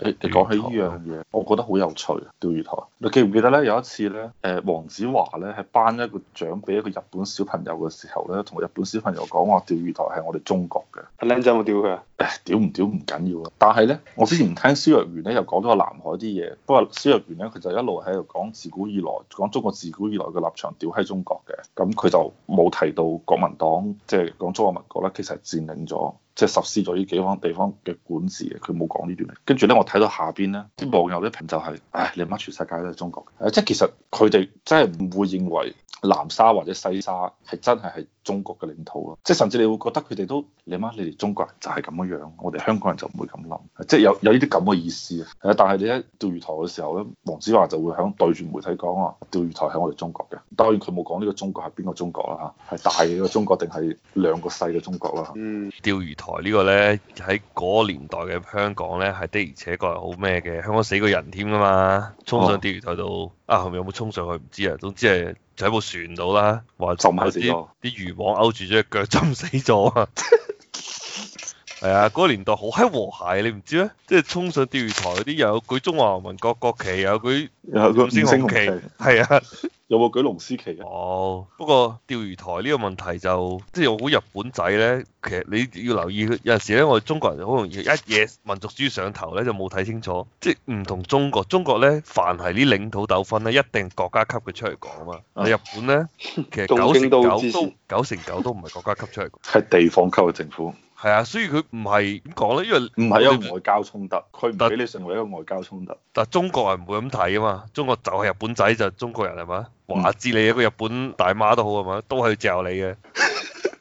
你你講起呢樣嘢，我覺得好有趣。釣魚台，你記唔記得咧？有一次咧，誒黃子華咧係頒一個獎俾一個日本小朋友嘅時候咧，同日本小朋友講話釣魚台係我哋中國嘅。阿靚仔有冇屌佢啊？屌唔屌唔緊要啊！但係咧，我之前聽蕭若元咧又講咗個南海啲嘢，不過蕭若元咧佢就一路喺度講自古以來講中國自古以來嘅立場屌喺中國嘅，咁佢就冇提到國民黨即係、就是、講中華民國咧，其實係佔領咗。即係實施咗呢幾方地方嘅管治嘅，佢冇講呢段。跟住咧，我睇到下面咧啲網友啲評就係、是，唉，你乜全世界都係中國嘅，即其實佢哋真係唔會認為。南沙或者西沙係真係係中國嘅領土咯，即係甚至你會覺得佢哋都你媽你哋中國人就係咁樣樣，我哋香港人就唔會咁諗，即係有有呢啲咁嘅意思啊！但係你喺釣魚台嘅時候咧，黃子華就會響對住媒體講啊：「釣魚台喺我哋中國嘅，當然佢冇講呢個中國係邊個中國啦嚇，係大嘅中國定係兩個細嘅中國啦嚇。」嗯，釣魚台呢個，個、嗯、個呢，喺嗰年代嘅香港呢，係的而且確係好咩嘅，香港死過人添㗎嘛，衝上釣魚台度、哦、啊，後面有冇衝上去唔知啊，總之係。就喺部船度啦，話浸下死啲漁網，勾住咗隻腳浸死咗。啊。係啊，嗰個年代好閪和諧，你唔知咩？即係衝上釣魚台嗰啲有舉中華民國國旗，有舉有個五星紅旗，係啊。有冇舉龍獅旗啊？哦，不過釣魚台呢個問題就即係我估日本仔呢，其實你要留意，有陣時呢我哋中國人好容易一嘢民族主義上頭呢，就冇睇清楚，即係唔同中國。中國呢，凡係啲領土糾紛呢，一定國家級佢出嚟講嘛。喺、啊、日本呢，其實九成九都九成九都唔係國家級出嚟講，係 地方級嘅政府。係啊，所以佢唔係點講咧，因為唔係一個外交衝突，佢唔俾你成為一個外交衝突。但係中國人唔會咁睇啊嘛，中國就係日本仔就係、中國人係嘛，話知、嗯、你一個日本大媽都好係嘛，都係要嚼你嘅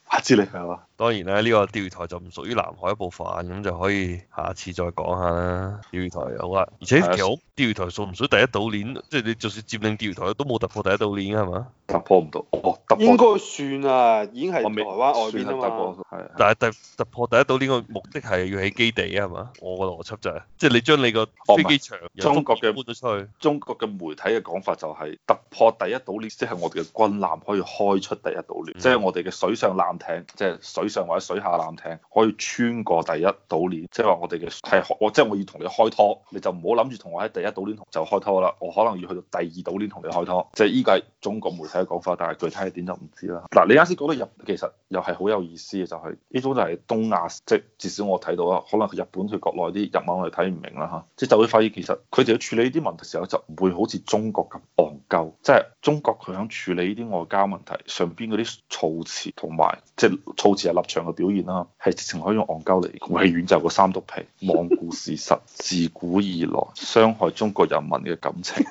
話知你係嘛。當然啦，呢個釣魚台就唔屬於南海一部分，咁就可以下次再講下啦。釣魚台好啊，而且其實係釣魚台算唔算第一島鏈？就是、即係你就算佔領釣魚台都冇突破第一島鏈㗎係嘛？突破唔到哦，應該算啊，已經係台灣外邊啊嘛。係，但係第突破第一島鏈個目的係要起基地係嘛？我個邏輯就係，即係你將你個飛機場、中國嘅搬咗出去。中國嘅媒體嘅講法就係突破第一島鏈，即係我哋嘅軍艦可以開出第一島鏈，即係、嗯、我哋嘅水上艦艇即係水。上或者水下艦艇可以穿過第一島鏈，即係話我哋嘅係我即係我要同你開拖，你就唔好諗住同我喺第一島鏈就開拖啦。我可能要去到第二島鏈同你開拖。即係依個係中國媒體嘅講法，但係具體係點就唔知啦。嗱，你啱先講到日，其實又係好有意思嘅，就係呢種就係東亞，即係至少我睇到啦，可能日本佢國內啲日文我哋睇唔明啦嚇，即係就會發現其實佢哋去處理呢啲問題時候就唔會好似中國咁戇鳩，即係中國佢響處理呢啲外交問題上邊嗰啲措辭同埋即係措辭立場嘅表現啦、啊，係直情可以用戇鳩嚟，係遠就個三毒皮，罔顧事實，自古以來傷害中國人民嘅感情，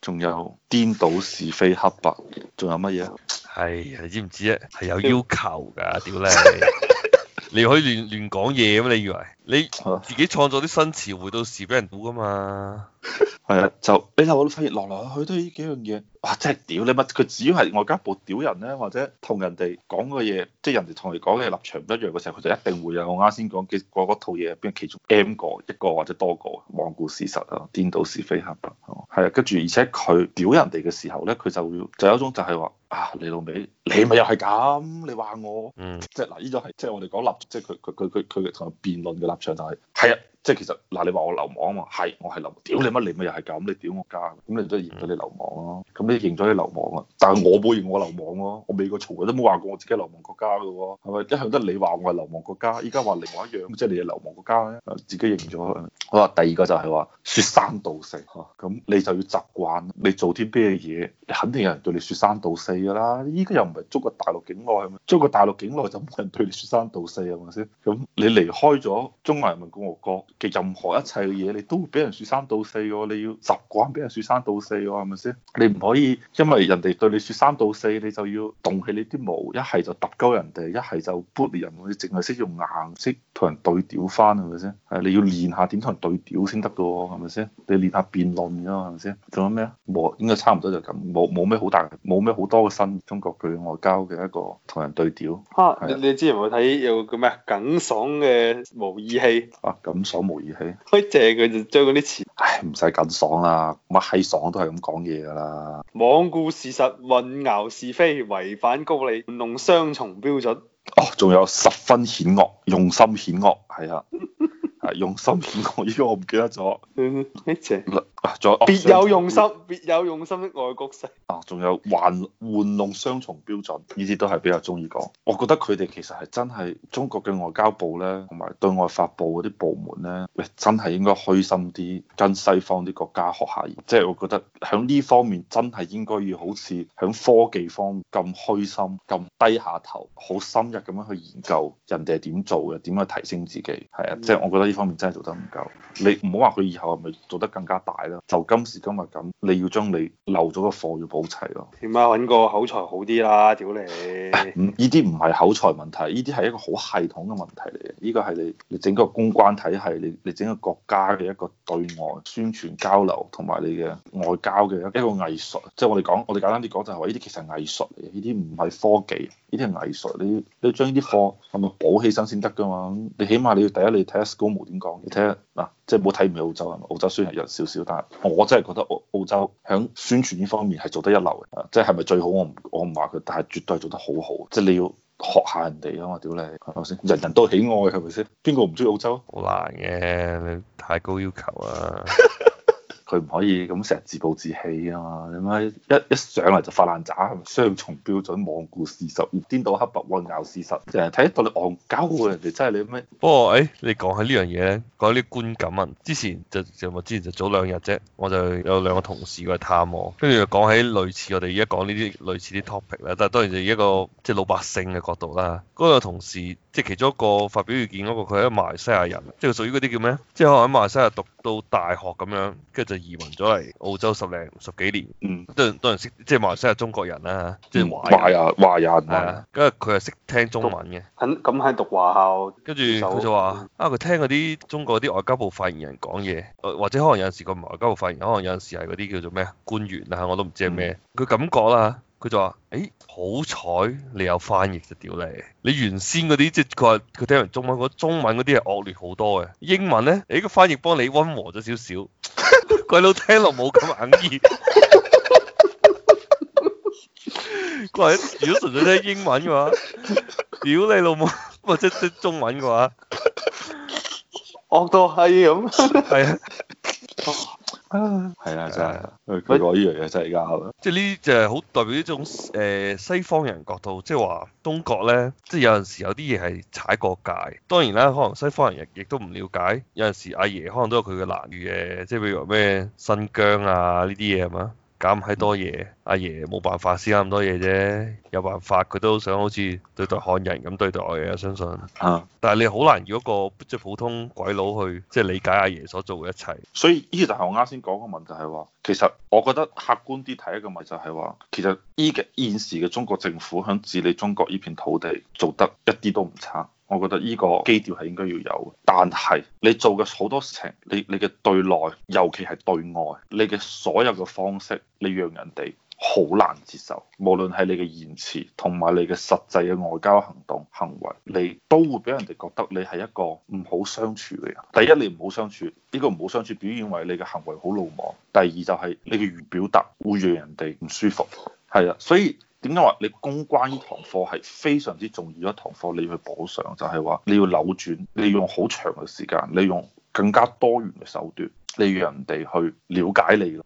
仲有顛倒是非黑白，仲有乜嘢啊？係、哎、你知唔知啊？係有要求噶、啊，屌你，你可以亂亂講嘢咩？你以為你自己創作啲新詞回到時俾人估噶嘛？係 啊，就你睇我都翻熱落落去，都呢幾樣嘢，哇真係屌你乜，佢只要係外交部屌人咧，或者同人哋講嘅嘢，即係人哋同你講嘅立場唔一樣嘅時候，佢就一定會有我啱先講嘅嗰套嘢，邊其中 M 個一個或者多個，罔顧事實啊，顛倒是非黑白，係啊，跟住而且佢屌人哋嘅時候咧，佢就會就有一種就係話啊，你老味你咪又係咁，你話我、嗯、即係嗱，呢個係即係我哋講立，即係佢佢佢佢佢同辯論嘅立場就係係啊。即係其實嗱，你話我流氓啊嘛，係，我係流氓，屌你乜你咪又係咁，你屌我家，咁你都係認咗你流氓咯，咁你認咗你流氓啊。但係我冇認我流氓咯、啊，我美國從來，都冇話過我自己流氓國家噶喎、啊，係咪？一向都你話我係流氓國家，依家話另外一樣，即係你係流氓國家咧、啊，自己認咗。我話第二個就係話説三道四，咁、啊、你就要習慣你做啲咩嘢，肯定有人對你説三道四㗎啦。依家又唔係中國大陸境內，中國大陸境內就冇人對你説三道四係咪先？咁你離開咗中華人民共和國嘅任何一切嘅嘢，你都會俾人説三道四，你要習慣俾人説三道四喎係咪先？你唔可以因為人哋對你説三道四，你就要動起你啲毛，一係就揼鳩人哋，一係就撥人哋，你淨係識用硬識。同人對調翻係咪先？係你要練下點同人對調先得噶喎，係咪先？你練下辯論啊，係咪先？仲有咩啊？冇應該差唔多就咁，冇冇咩好大，冇咩好多嘅新中國佢外交嘅一個同人對調。嚇！你之前咪睇有個叫咩耿爽嘅模擬器？啊，耿爽模擬器。佢借佢，就將嗰啲詞，唉，唔使耿爽啦，乜閪爽都係咁講嘢㗎啦。罔顧事實，混淆是非，違反高利，弄雙重標準。哦，仲有十分險惡，用心險惡，係啊，係 用心險惡，呢個我唔記得咗，一謝。仲有別有用心，哦、別有用心的外國勢，啊，仲有玩玩弄雙重標準，依啲都係比較中意講。我覺得佢哋其實係真係中國嘅外交部呢，同埋對外發布嗰啲部門呢，喂，真係應該虛心啲，跟西方啲國家學下。即係我覺得喺呢方面真係應該要好似喺科技方咁虛心，咁低下頭，好深入咁樣去研究人哋係點做嘅，點樣去提升自己。係啊，即係、嗯、我覺得呢方面真係做得唔夠。你唔好話佢以後係咪做得更加大。就今時今日咁，你要將你漏咗嘅貨要補齊咯。點啊，揾個口才好啲啦，屌你！唔，呢啲唔係口才問題，呢啲係一個好系統嘅問題嚟嘅。呢個係你你整個公關體系，你你整個國家嘅一個對外宣傳交流同埋你嘅外交嘅一個藝術。即係我哋講，我哋簡單啲講就係話，呢啲其實藝術嚟嘅。呢啲唔係科技，呢啲係藝術。你你要將呢啲貨係咪補起身先得噶嘛？你起碼你要第一你睇下 SCMP，點講，你睇下。嗱、啊，即係冇睇唔起澳洲係咪？澳洲雖然係弱少少，但係我真係覺得澳澳洲喺宣傳呢方面係做得一流嘅、啊，即係係咪最好我唔我唔話佢，但係絕對係做得好好。即係你要學下人哋啊嘛！屌你係咪先？人人都喜愛係咪先？邊個唔中意澳洲？好難嘅，你太高要求啊。 佢唔可以咁成日自暴自棄啊嘛！你乜一一上嚟就發爛渣，雙重標準，罔顧事實，顛倒黑白，混淆事實，即係睇到你戇鳩啊！人哋真係你咩？不過誒，你講、哦欸、起呢樣嘢咧，講起啲觀感啊，之前就就我之前就早兩日啫，我就有兩個同事過嚟探我，跟住講起類似我哋而家講呢啲類似啲 topic 啦，但係當然就一個即係、就是、老百姓嘅角度啦。嗰、那個同事。即係其中一個發表意見嗰個，佢係馬來西亞人，即係佢屬於嗰啲叫咩？即可能喺馬來西亞讀到大學咁樣，跟住就移民咗嚟澳洲十零十幾年，嗯，都都人識，即係馬來西亞中國人啦，即、就、係、是華，嗯、華人，華人，啊，因為佢係識聽中文嘅，咁喺讀，讀華校，跟住佢就話、嗯、啊，佢聽嗰啲中國啲外交部發言人講嘢，或者可能有陣時個外交部發言人，可能有陣時係嗰啲叫做咩官員啊，我都唔知係咩，佢、嗯、感覺啦。佢就話，誒，欸，好彩你有翻譯就屌你，你原先嗰啲即係佢話佢聽完中文嗰中文嗰啲係惡劣好多嘅，英文咧，誒、哎、個翻譯幫你温和咗少少，鬼佬聽落冇咁哽耳，佢 如果純粹聽英文嘅話，屌你老母，或者識中文嘅話，惡到閪咁，係 啊。係啊，真係佢講呢樣嘢真係啱。即係呢就係好代表呢種誒西方人角度，即係話中國咧，即係有陣時有啲嘢係踩過界。當然啦，可能西方人亦亦都唔了解。有陣時阿爺可能都有佢嘅難處嘅，即係譬如話咩新疆啊呢啲嘢嘛。減喺多嘢，阿爺冇辦法先咁多嘢啫。有辦法佢都想好似對待漢人咁對待我嘅，相信。啊！但係你好難，如果個即係普通鬼佬去即係、就是、理解阿爺所做嘅一切。所以呢個就係我啱先講個問題，就係話，其實我覺得客觀啲睇一個問題，就係話，其實依嘅現時嘅中國政府響治理中國呢片土地做得一啲都唔差。我覺得呢個基調係應該要有，但係你做嘅好多事情，你你嘅對內，尤其係對外，你嘅所有嘅方式，你讓人哋好難接受。無論係你嘅言辭同埋你嘅實際嘅外交行動行為，你都會俾人哋覺得你係一個唔好相處嘅人。第一，你唔好相處，呢個唔好相處表現為你嘅行為好魯莽；第二，就係你嘅語言表達會讓人哋唔舒服。係啊，所以。點解話你公關呢堂課係非常之重要一堂課，你要去補上，就係話你要扭轉，你用好長嘅時間，你用更加多元嘅手段，你要人哋去了解你。